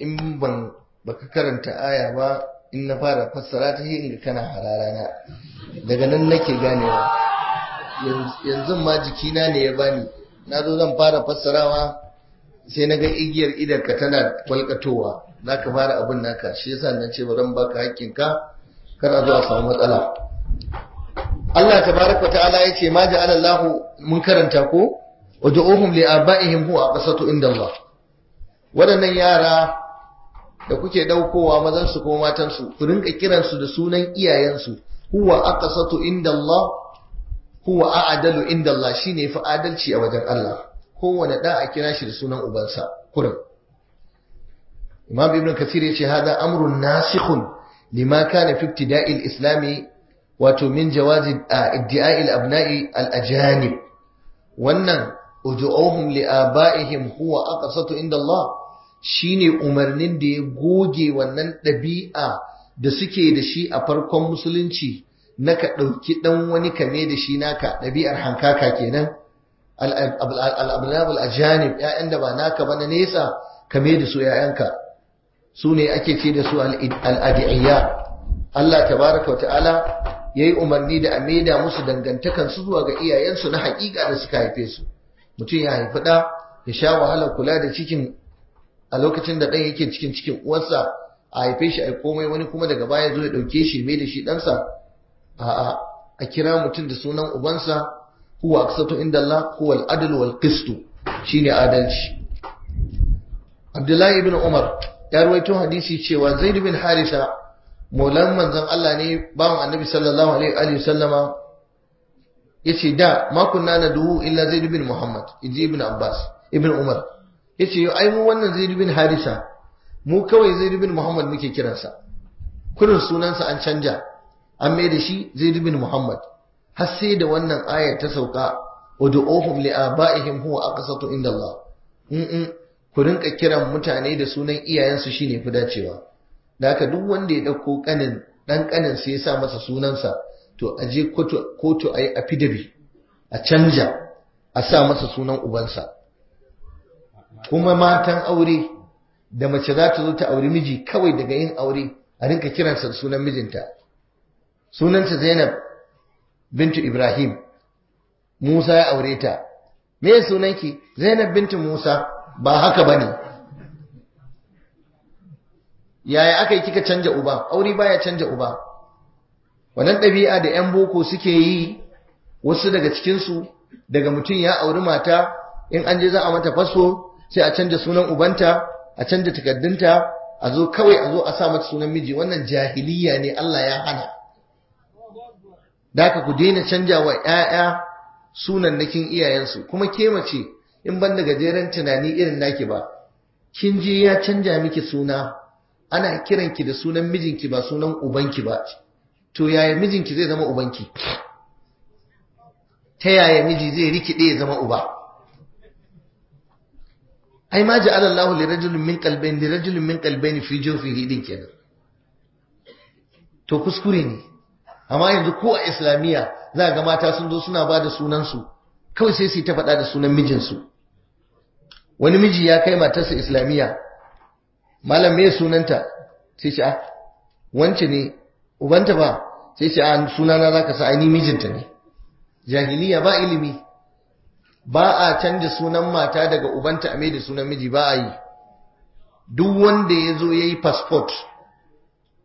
in ban baka karanta aya ba in na fara fassara ta in ga kana hararana daga nan nake ganewa yanzu ma jikina ne ya bani na zo zan fara fassarawa sai na ga igiyar idarka tana walkatowa, za ka fara abin naka shi yasa nan ce ka baka haƙƙinka kana zuwa samu matsala Allah Ta ta ta'ala ya ce ma ja'ala alallahu mun karanta ko wad'uhum li aba'ihim huwa qasatu inda Allah waɗannan yara da kuke ɗaukowa mazan su ko matan su ku rinka kiran su da sunan iyayen su huwa aqsatu inda Allah huwa a'dalu inda Allah shine fa adalci a wajen Allah kowane ɗa a kira shi da sunan ubansa kurin imam ibn kasir ya ce hada amrun nasikhun lima kana fi ibtida'i islami wato min jawazi iddi'a'i al-abna'i al-ajanib wannan ud'uhum li aba'ihim huwa aqsatu inda Allah shine umarnin da ya goge wannan ɗabi'a da suke da shi a farkon musulunci na ka ɗauki ɗan wani kame da shi naka ɗabi'ar hankaka kenan al'abnabul ajanib ‘ya'yan da ba naka ba na nesa kame da su ‘ya'yanka su ne ake ce da su al'adiyya Allah tabaraka wa ta'ala ya yi umarni da a maida musu dangantakansu zuwa ga iyayensu na haƙiƙa da suka haife su mutum ya haifi ɗa ya sha wahalar kula da cikin a lokacin da ɗan yake cikin cikin uwarsa a haife shi a komai wani kuma daga baya zai ya ɗauke shi mai da shi ɗansa a a kira mutum da sunan ubansa huwa aqsatu inda Allah huwa al-adl shine adalci Abdullahi ibn Umar ya ruwaito hadisi cewa Zaid bin Harisa maulan manzon Allah ne bawan Annabi sallallahu alaihi wa sallama yace da ma kunna nad'u illa Zaid bin Muhammad inji ibn Abbas ibn Umar yace ai mu wannan Zaid bin Harisa mu kawai Zaid bin Muhammad muke kiransa kurin sunansa an canja an mai da shi Zaid bin Muhammad har sai da wannan ayar ta sauka ud'uhum li aba'ihim huwa aqsatu inda Allah in ku rinka kiran mutane da sunan iyayensu shine fi dacewa da haka duk wanda ya dauko kanin ɗan kanin sai ya sa masa sunansa to a je kotu kotu ayi afidabi a canja a sa masa sunan ubansa kuma matan aure da mace za ta zo ta auri miji kawai daga yin aure a rinka kiransa da sunan mijinta sunanta Zainab bintu Ibrahim Musa ya aure ta me sunanki Zainab bintu Musa ba haka bane yaya aka yi kika canja uba aure baya canja uba wannan ɗabi'a da 'yan boko suke yi wasu daga cikinsu daga mutum ya auri mata in an je za a mata faso sai a canja sunan ubanta a canja takaddunta a zo kawai a zo a sa mata sunan miji wannan jahiliya ne Allah ya hana da ku daina canja wa ‘ya'ya nakin iyayensu kuma ke mace in ban da gajeren tunani irin naki ba kin je ya canja miki suna ana kiranki da sunan mijinki ba sunan ubanki ba to yaya mijinki zai zama ubanki ta yaya miji zai rikide ya zama uba ai ma ji Allahu li rajulin min qalbayn li rajulin min qalbayn fi jawfihi din kenan to kuskure ne amma yanzu ko a islamiyya za ga mata sun zo suna ba da sunansu kawai sai su ta faɗa da sunan mijinsu wani miji ya kai matarsa islamiyya malam me sunanta sai ce a ah, wance ne ubanta ba sai ce a ah, sunana za ka sa aini mijinta ne jahiliya ba ilimi ba a canja sunan mata daga ubanta a mai da sunan miji ba a yi duk wanda ya zo ya yi fasfot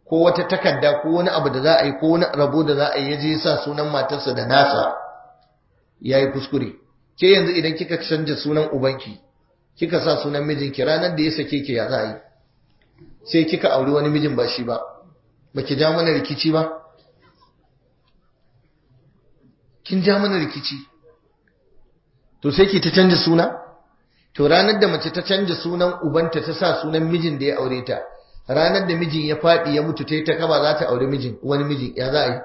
ko wata takarda ko wani abu da za a yi ko wani rabo da za a yi ya je sa sunan matarsa da nasa ya yi kuskure ke yanzu idan kika canja sunan ubanki kika sa sunan mijinki ranar da ya sake ki ya za a yi sai kika auri wani mijin ba shi ba ba ki ja mana rikici ba kin ja mana rikici to sai ki ta canja suna to ranar da mace ta canja sunan ubanta ta sa sunan mijin da ya aure ta ranar da mijin ya faɗi ya mutu ta yi ta kaba za ta aure mijin wani mijin ya za a yi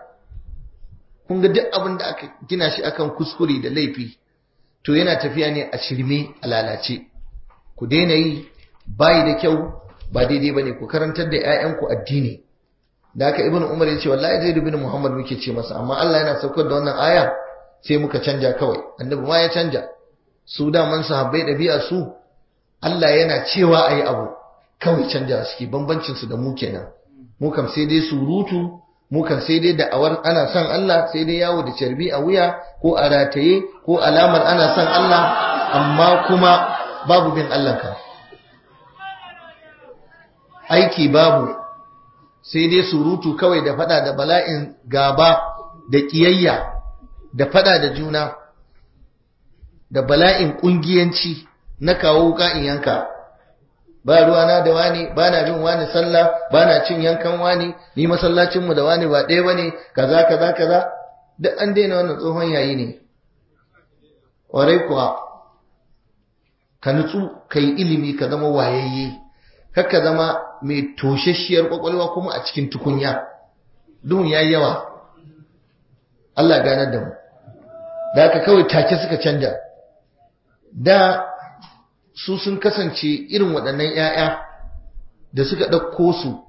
kun ga duk abin da aka gina shi akan kuskure da laifi to yana tafiya ne a shirme a lalace ku daina yi bayi da kyau ba daidai ba ne ku karantar da 'ya'yanku addini da haka Ibn umar ya ce wallahi zai rubini muhammad muke ce masa amma Allah yana saukar da wannan aya sai muka canja kawai annabi ma ya canja su da man sahabbai ɗabi'a su Allah yana cewa ayi abu kawai canja suke bambancin su da mu kenan mu kam sai dai surutu mu kam sai dai da'awar ana son Allah sai dai yawo da carbi a wuya ko a rataye ko alamar ana son Allah amma kuma babu bin Allah ka aiki babu sai dai surutu kawai da fada da bala'in gaba da kiyayya da fada da juna da bala'in kungiyanci na kawo wuka yanka ba ruwana da wani ba na bin wani sallah ba na cin yankan wani ni masallacinmu da wani ba ɗaya ba ne kaza kaza kaza duk an daina wannan tsohon yayi ne ƙwarai kuwa ka nutsu ka yi ilimi ka zama wayayye ka ka zama mai toshashiyar kwakwalwa kuma a cikin tukunya duhun ya yi yawa Allah ganar da mu da ka kawai take suka canja da su sun kasance irin waɗannan ‘ya'ya da suka ɗauko su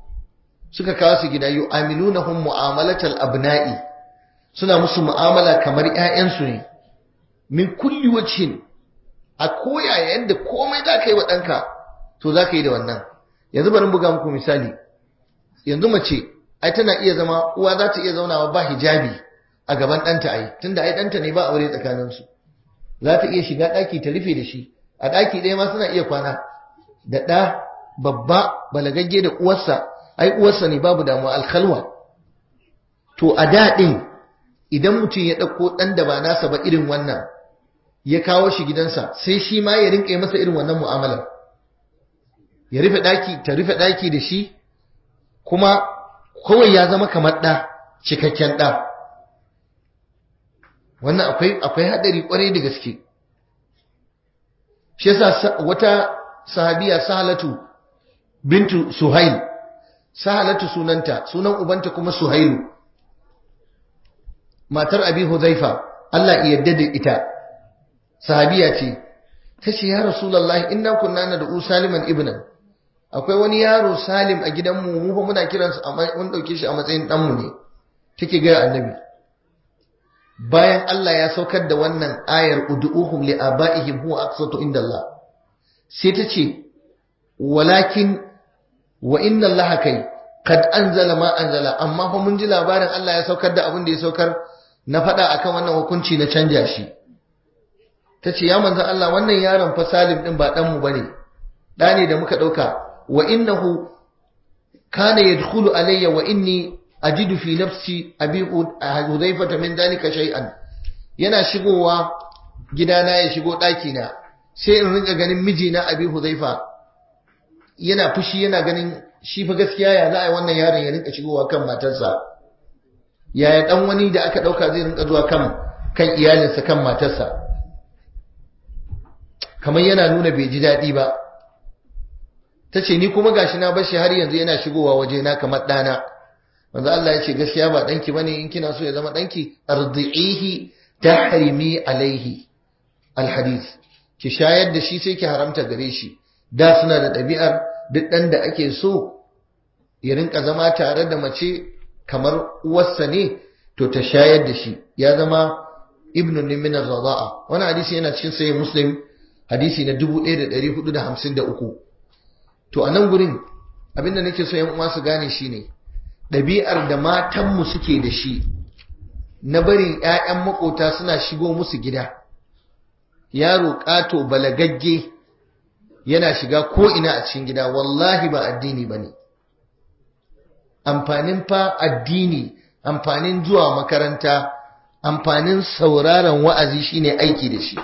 suka kawo su gida yi aminu na hun mu'amalatar abna'i suna musu mu'amala kamar ‘ya'yansu ne min kulli wacin a koya yadda komai za ka yi wa ɗanka to za ka yi da wannan yanzu bari buga muku misali yanzu mace ai tana iya zama uwa za ta iya zaunawa ba hijabi a gaban ɗanta ai tunda ai ɗanta ne ba aure tsakaninsu za ta iya shiga ɗaki ta rufe da shi a ɗaki ɗaya ma suna iya kwana da ɗa babba balagagge da uwarsa ai uwarsa ne babu damuwa alkhalwa to a daɗin idan mutum ya ɗauko ɗan da ba nasa ba irin wannan ya kawo shi gidansa sai shi ma ya rinƙa masa irin wannan mu'amala ya rufe ɗaki ta rufe ɗaki da shi kuma kawai ya zama kamar ɗa cikakken ɗa wannan akwai akwai haɗari ƙwarai da gaske shi yasa wata sahabiya sahalatu bintu suhail sahalatu sunanta sunan ubanta kuma suhailu matar abi huzaifa Allah ya yarda da ita sahabiya ce tace ya rasulullahi inna kunna da saliman ibnan akwai wani yaro salim a gidanmu mu fa muna kiransa amma mun dauke shi a matsayin danmu ne take ga annabi bayan Allah ya saukar da wannan ayar ud'uhum li aba'ihim huwa aqsatu inda Allah sai ta ce walakin wa inna Allah kai kad anzala ma anzala amma fa mun ji labarin Allah ya saukar da abin da ya saukar na faɗa akan wannan hukunci na canja shi ta ce ya manzan Allah wannan yaron fa Salim din ba dan mu bane da da muka dauka wa innahu kana yadkhulu alayya wa inni ajidu fi nafsi abi hudhaifa min dalika shay'an yana shigowa gidana ya shigo daki na sai in rinka ganin mijina abi hudhaifa yana fushi yana ganin shi fa gaskiya ya za wannan yaron ya rinka shigowa kan matarsa yaya dan wani da aka dauka zai rinka zuwa kan kan iyalinsa kan matarsa kamar yana nuna bai ji daɗi ba ta ce ni kuma gashi na bashi har yanzu yana shigowa waje na kamar ɗana manzo Allah ya ce gaskiya ba danki bane in kina so ya zama danki ardihi tahrimi alaihi alhadith ki shayar da shi sai ki haramta gare shi da suna da ɗabi'ar duk ɗan da ake so ya rinka zama tare da mace kamar uwarsa ne to ta shayar da shi ya zama ibnu min ar-rada'a wani hadisi yana cikin sahih muslim hadisi na 1453 to anan nan gurin abinda nake so yan uwa su gane shine ɗabi'ar da matanmu suke da shi na barin 'ya'yan makota suna shigo musu gida yaro ƙato balagagge yana shiga ko'ina a cikin gida wallahi ba addini ba ne amfanin fa addini amfanin zuwa makaranta amfanin sauraron wa'azi shi ne aiki da shi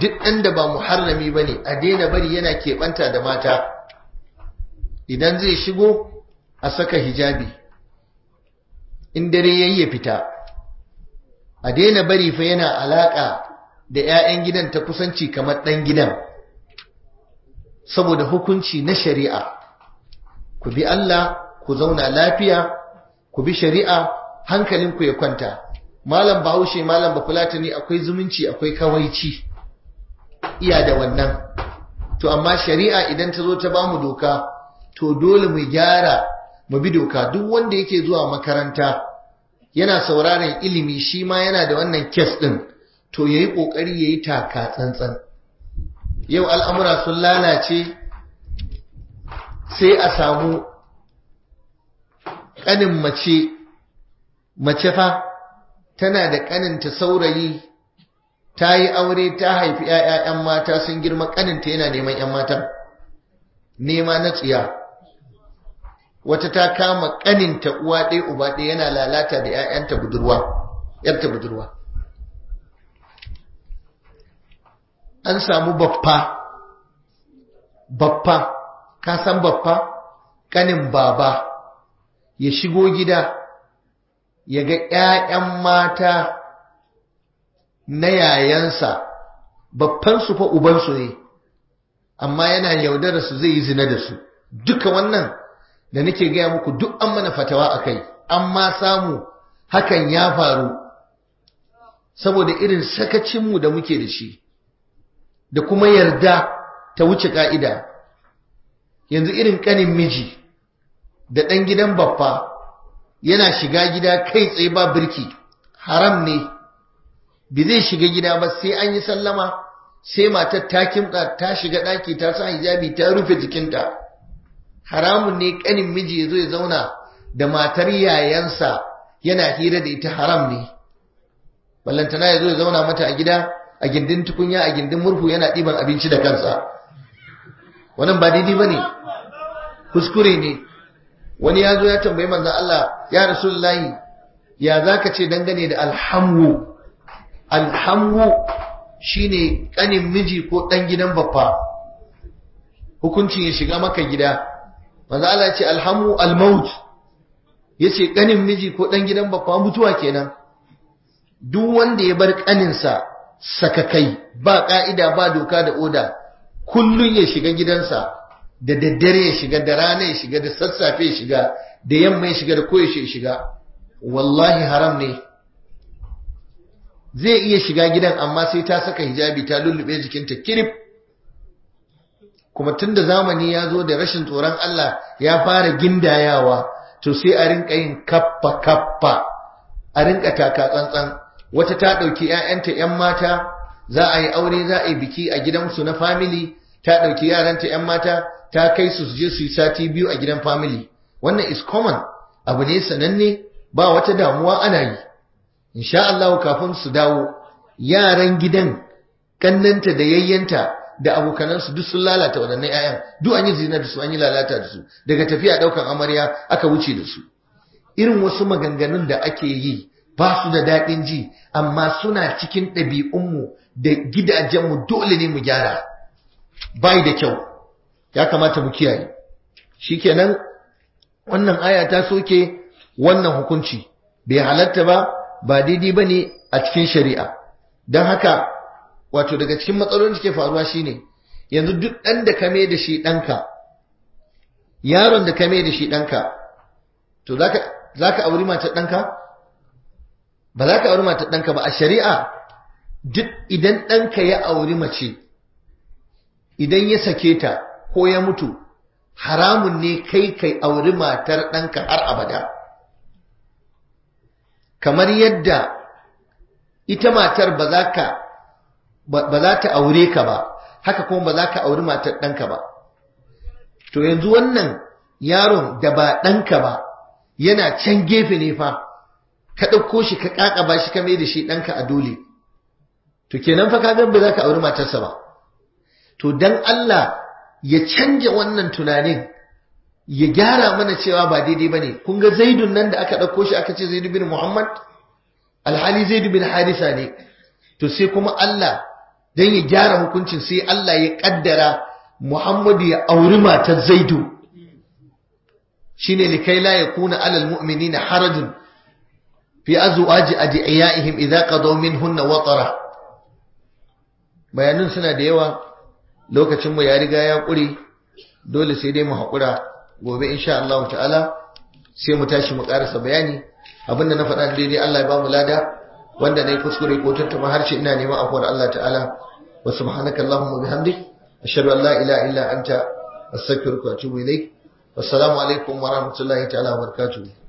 duk ɗan da ba muharrami ba ne a daina bari yana keɓanta da mata idan zai shigo a saka hijabi in dare ya yi ya fita a daina bari fa yana alaƙa da 'ya'yan gidan ta kusanci kamar ɗan gidan saboda hukunci na shari'a ku bi Allah ku zauna lafiya ku bi shari'a hankalinku ya kwanta malam bahaushe malam ne, akwai zumunci akwai kawaici iya da wannan to amma shari'a idan ta zo ta bamu doka to dole mu gyara mu bi doka duk wanda yake zuwa makaranta yana sauraron ilimi shi ma yana da wannan kes ɗin to ya yayi kokari yi taka tsantsan yau al'amura sun lalace sai a samu ƙanin mace mace fa tana da ƙaninta saurayi ta yi aure ta haifi ‘ya'ya'yan mata sun girma ƙaninta yana neman ‘yan mata nema na tsiya wata ta kama kaninta uwa ɗaya uba ɗaya yana lalata da ‘ya'yanta budurwa ‘yarta budurwa an samu baffa baffa ka san baffa kanin baba ya shigo gida ya ga ‘ya'yan mata na yayansa baffansu fa ubansu ne amma yana yaudara su zai yi zina da su duka wannan da nake gaya muku duk an mana fatawa a kai an samu hakan ya faru saboda irin sakacinmu da muke da shi da kuma yarda ta wuce ka'ida yanzu irin kanin miji da ɗan gidan baffa yana shiga gida kai tsaye ba birki haram ne bi zai shiga gida ba sai an yi sallama sai matar ta ta shiga ɗaki ta sa hijabi ta rufe jikinta haramun ne kanin miji ya zo ya zauna da matar yayansa yana hira da ita haram ne ballantana ya zo ya zauna mata a gida a gindin tukunya a gindin murhu yana ɗiban abinci da kansa wannan ba daidai ba ne kuskure ne wani ya zo ya tambayi manzan Allah ya rasulullahi ya za ka ce dangane da alhamu alhamu shine kanin miji ko ɗan gidan baffa hukuncin ya shiga maka gida maza Allah ce alhamu almaut ce ƙanin miji ko ɗan gidan babba mutuwa kenan duk wanda ya bar ƙaninsa sakakai ba ƙa'ida ba doka da oda kullum ya shiga gidansa da daddare ya shiga da rana ya shiga da sassafe ya shiga da yamma ya shiga da koyaushe ya shiga wallahi haram ne zai iya shiga gidan amma sai ta saka hijabi ta lullube jikinta kirif kuma tunda zamani ya zo da rashin tsoron Allah ya fara gindayawa to sai a rinka yin kappa kappa a rinka taka tsantsan wata ta dauki ƴaƴanta ƴan mata za a yi aure za a yi biki a gidansu na family ta dauki yaranta ƴan mata ta kai su je su yi sati biyu a gidan family wannan is common abu ne sananne ba wata damuwa ana yi insha Allah kafin su dawo yaran gidan kannanta da yayyanta da abokanansu duk sun lalata waɗannan 'ya'yan duk an yi zina da su an yi lalata da su daga tafiya ɗaukan amarya aka wuce da su irin wasu maganganun da ake yi ba su da daɗin ji amma suna cikin mu da gidajenmu dole ne mu gyara bai da kyau ya kamata mu kiyaye shikenan wannan aya ta soke wannan hukunci bai halatta ba ba daidai ba ne a cikin shari'a don haka wato daga cikin matsalolin da ke faruwa shine yanzu duk ɗan da kame da shi ɗanka yaron da kame da shi ɗanka to za ka auri matar ɗanka ba za ka auri matar ɗanka ba a shari'a duk idan ɗanka ya auri mace idan ya sake ta ko ya mutu haramun ne kai kai auri matar ɗanka har abada kamar yadda ita matar ba za ka ba za ta aure ka ba haka kuma ba za ka auri matar ɗanka ba to yanzu wannan yaron da ba ɗanka ba yana can gefe ne fa ka ɗauko shi ka ƙaƙaba shi ka mai da shi ɗanka a dole to kenan fa kaga ba za ka auri matarsa ba to dan Allah ya canja wannan tunanin ya gyara mana cewa ba daidai ba kun ga zaidun nan da aka ɗauko shi aka ce zaidu bin muhammad alhali zaidu bin harisa ne to sai kuma Allah don ya gyara hukuncin sai Allah ya kaddara Muhammadu ya auri matar Zaidu shine likai la kuna alal na harajun fi azwaji ka zo min hunna watsara bayanin suna da yawa lokacin mu ya riga ya ƙuri dole sai dai mu haƙura. gobe insha Allah ta'ala sai mu tashi mu ƙarasa bayani abinda na faɗa daidai Allah ya ba mu lada wanda na yi kuskure ko tattama harshe ina neman afuwar Allah ta'ala wa subhanaka allahumma bihamdik ashhadu an la ilaha illa anta astaghfiruka wa atubu ilaik wassalamu alaikum wa rahmatullahi ta'ala wa